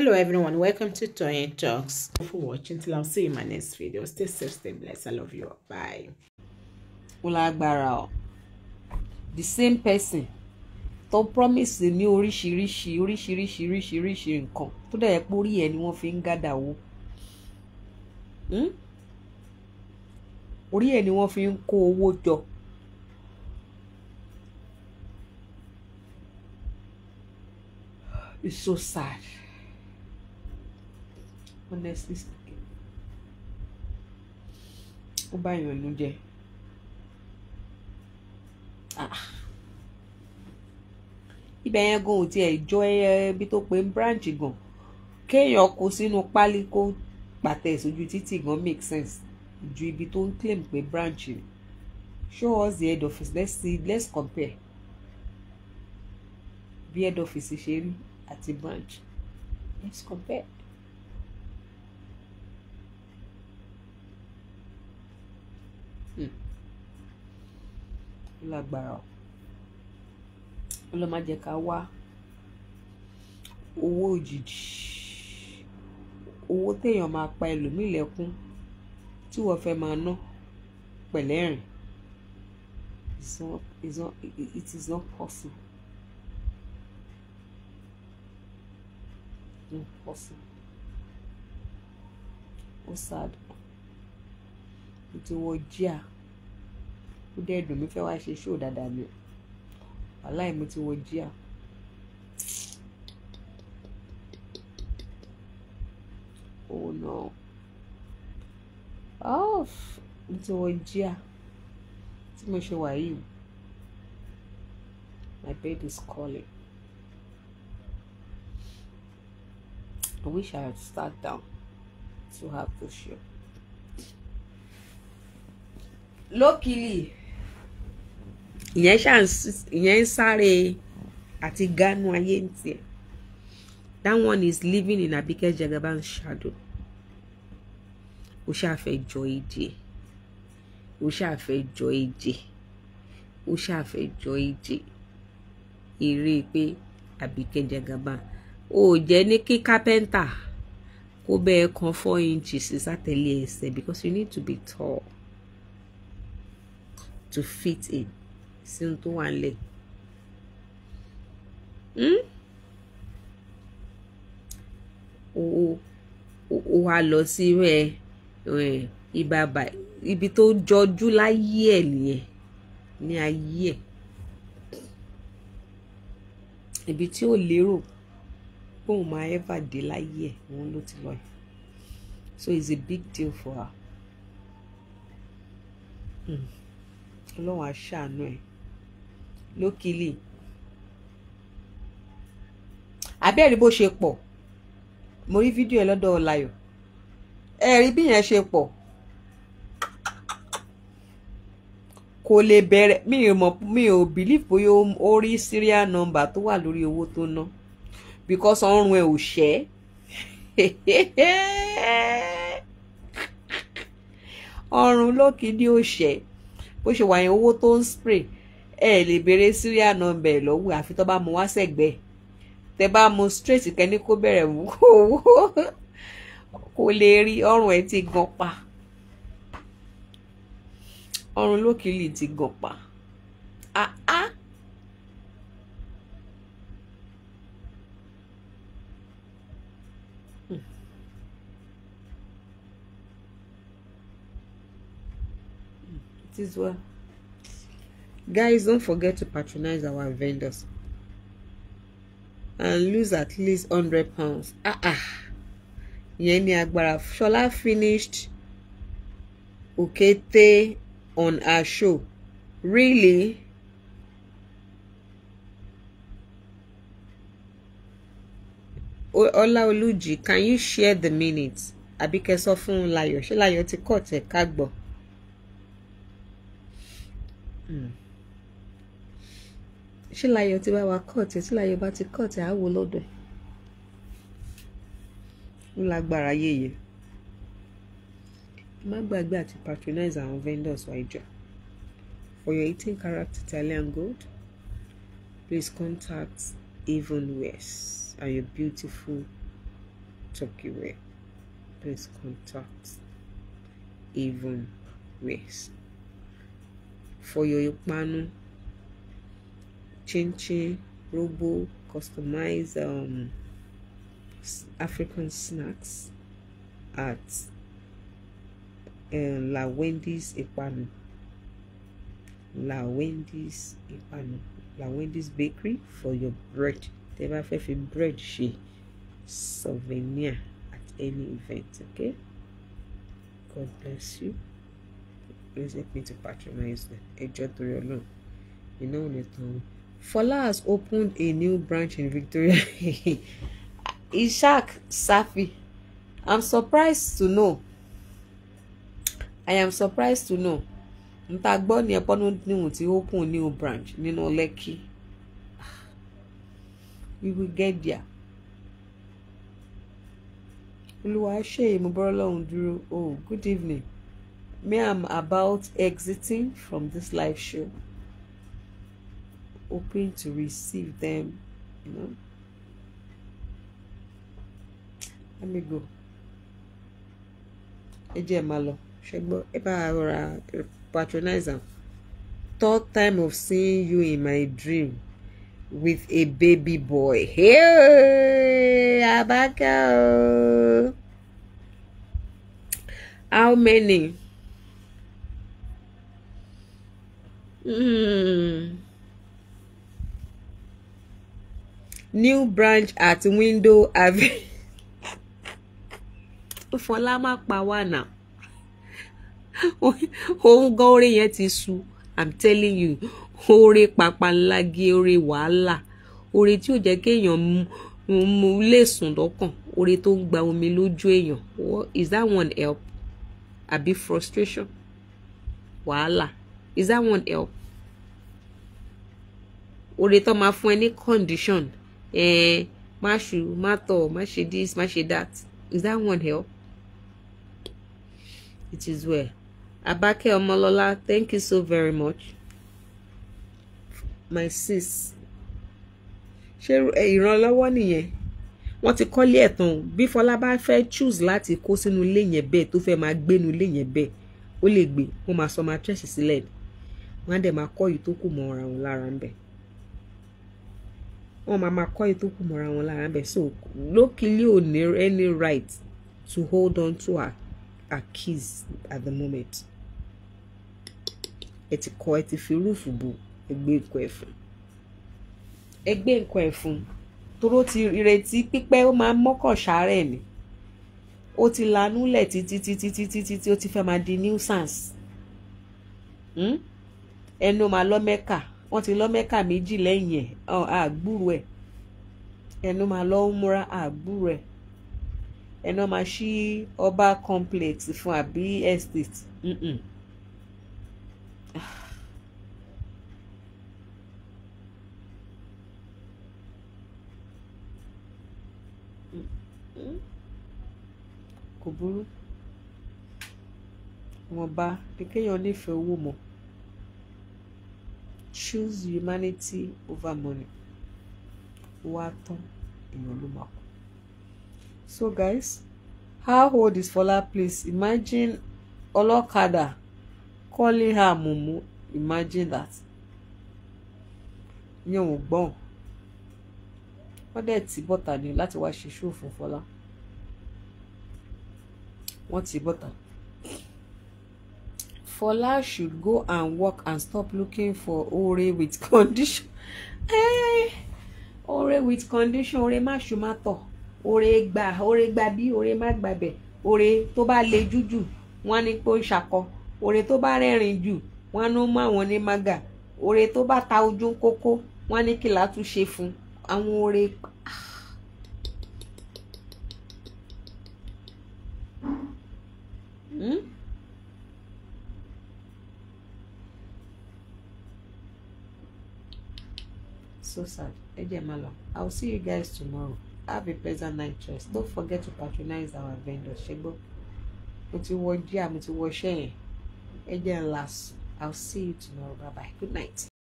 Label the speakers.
Speaker 1: hello everyone welcome to Toyin Talks Thank you for watching till I see you in my next video stay safe stay blessed i love you all. bye olagbara o the same person tó promise ní oríṣiríṣi oríṣiríṣi oríṣiríṣi nǹkan tó dẹ̀ yẹ pé orí ẹ̀ ni wọ́n fi ń gádà wó hmm? orí ẹ̀ ni wọ́n fi ń kó owó jọ it's so sad honestly speaking ó bá èèyàn inú jẹ́ ah. ibẹ̀ yẹn gan ò tiẹ̀ jọ ẹbí tó pé branch gan kéèyàn kó sínú pálí kó pàtẹ ìsojú títì gan make sense ju ibi tó ń claim pé branch ni show us the head office let's see let's compare bí head office ṣe rí àti branch let's compare. lágbára ọlọ́run má jẹ́ ká wá owó òjijì owó téèyàn máa pa ẹlòmíì lẹ́kún tí wọ́n fẹ́ máa ná pẹ̀lẹ́rìn it's not it's not it is not possible not possible ó sad nítorí wọ́n jíà ó dẹ́ dùn mí fẹ́ wá ṣe ṣó dáadáa mi wàláì mo ti wọ jíà. Oh no. Oh, mo ti wọ jíà tí mo ṣe wà yìí. My baby is calling. I wish I had sat down to have this show. Luckily, ìyẹn ìyẹn ń sáré àti gánú ayé ń tiẹ̀ that one is living in Abike Jagaban's shadow ó ṣàfẹ́ jọ ìje ó ṣàfẹ́ jọ ìje ó ṣàfẹ́ jọ ìje eré pé Abike Jagaban ó jẹ́ ní kí kápẹ́ńtà kó bẹ́ẹ̀ kan four inches sátẹ̀lé ẹsẹ̀ because you need to be tall to fit in sí ohun tó wà nílẹ̀ ó hmm? wá lọ sí ìbàbà ibi tó jọjú láyé ẹ̀ nìyẹn ní ayé ẹ̀ ibi tí ó lérò bóun máa ẹ́fà dé láyé ẹ̀ òun ló ti lọ so it's a big deal for her hmm. ọlọ́run á ṣàánú ẹ̀ lókìlì àbẹ́ẹ̀rí bó ṣe pọ̀ mo rí fídíò ẹ lọ́dọ̀ ọ̀làyọ̀ ẹ̀rí bí yẹn ṣe pọ̀ kò lè bẹ̀rẹ̀ mi ò mọ̀ mi ò believe bóyá ó rí serial number tó wà lórí owó tó ná because ọrùn ẹ ò ṣẹ́ ọrùn lókìlì ò ṣẹ́ bó ṣe wà yẹn owó tó ń spray ẹ lè béèrè serial number lọ́wọ́ àfi tó bá mu wá sẹ́gbẹ́ tẹ bá mu straight kẹ́ni kó bẹ̀rẹ̀ wú owó kò lè rí ọrùn ẹ ti gan pa ọrùn lókìlì ti gan pa ah ah. It Guys, don't forget to patronize our vendors and lose at least hundred pounds. Ah ah. Yeni agbara. agbára. Ṣọlá finished Okete on her show. Really? Ola Oluji, can you share the minutes? Àbíkẹ́ sọ fún Láyọ̀. Ṣé Láyọ̀ ti kọ̀ tẹ̀ ká gbọ́? Hmm ṣé láyọ̀ ti bá wa kọ́ọ̀tì tí láyọ̀ bá ti kọ́ọ̀tì á wò lọ́dọ̀ ẹ̀ ó lágbára yéye má gbàgbé àti patronize àwọn vendors wa ìjọ for your eighteen karat Italian gold please contact Even West and your beautiful Turkey wear please contact Even West for your ìpanu. Chinchi, chin, robo, customized um, African snacks at uh, eh, La Wendy's Ipanu. La Wendy's Ipanu. La Wendy's Bakery for your bread. They bá fẹ́ fi bread she souvenir at any event, okay? God bless you. Please help me to patronize the Ẹ jọ̀ọ́ torí Ọlọ́run. Iná ò lè tán o. Fola has opened a new branch in Victoria. Ishak Safi, I'm surprised to know. I am surprised to know. Nta gbọ́ ni ẹ̀pọ́nú níhùn tí open new branch nínú Lekki. We will get there. Olúwa ṣe ìmúbọ́rọ́ lọ́hùn dúró. Oh, good evening. Me, I'm about exiting from this live show. Open to receive them, you know. Let me go. Ẹ jẹ́ máa lọ. Ṣẹ́gbọ́, ẹ bá rọra patronize am. Third time of seeing you in my dream with a baby boy. Hey, Abaka How many? Mm. new branch at window Ave. fọlá má pa wá nà òun gan oore yẹn ti sú i'm telling you oore papanlagi oore wàhálà oore tí ò jẹ́ kéèyàn mú lè sùn lọ́kàn oore tó ń gba omi lójú èèyàn is that one help àbí frustration wàhálà is that one help oore tó máa fún ẹ ní condition eh, mashu, mato, mashi this, mashi that. Is that one help? It is well. Abake Omolola, thank you so very much. My sis. Ṣé eh, ìrànlọ́wọ́ nìyẹn? Wọ́n ti kọ́lé ẹ̀ tán. Bí Fọlá bá fẹ́ choose láti kó sínú ilé yẹn bẹ́ẹ̀ tó fẹ́ máa gbénu ilé yẹn bẹ́ẹ̀, ó lè gbé. Wọ́n máa sọ máa tẹ̀sí sílẹ̀. Wọ́n á dẹ̀ máa kọ́ yìí tó kù mọ́ ara wọn lára ń bẹ̀ wọ́n máa máa kọ́ ètò kù mọ́ra wọn lára bẹ́ẹ̀ so lókìlì ò ní any right to hold on to her, her keys at the moment ẹ ti kọ ẹ ti fi rúùfù bò ẹ gbé nǹkan ẹ fún ẹ gbé nǹkan ẹ toró ti retí pípẹ́ ó máa mọ́kàn ṣàárẹ̀ ni ó ti lanúlẹ̀ títí títí títí títí ó ti fẹ́ máa di nuisance hmm? ẹnu máa lọ mẹ́ka wọ́n ti lọ mẹ́ka méjì lẹ́yìn ẹ̀ àgbúrò ẹ̀ ẹnu máa lọ ń múra àgbúrò ẹ̀ ẹnu máa ṣí ọba complex fún àbí estate ah. kò burú wọn bá kékeré yẹn nífẹ̀ẹ́ owó mọ́ choose humanity over money wá tán èèyàn ló máa kú so guys how old is Fola please imagine ọlọ́kadà calling her mumu imagine that yẹn ò gbọ́n wọ́n dẹ̀ ti bọ́ta ni láti wá ṣe ṣòfò Fola wọ́n ti bọ́ta Fola should go and work and stop looking for ore eh, with condition. Hey, ore with condition, ore má ṣùmátọ̀, ore gbà, ore gbà bí, ore má gbàbẹ̀, ore tó bá le jújù, wọ́n ní pé ore tó bá rẹ́rìn jù, wọ́n ló mú àwọn ore tó bá ta ojú kókó, wọ́n ní la tu shefun. fún ore. Ah. Hmm? so sad ẹ jẹ́ máa i will see you guys tomorrow have a pleasant night rest don't forget to patronize our vendors ṣẹgbọ́n mo ti wọ jíà mo ti wọ ṣẹ́yìn ẹ jẹ́ i will see you tomorrow bye bye good night.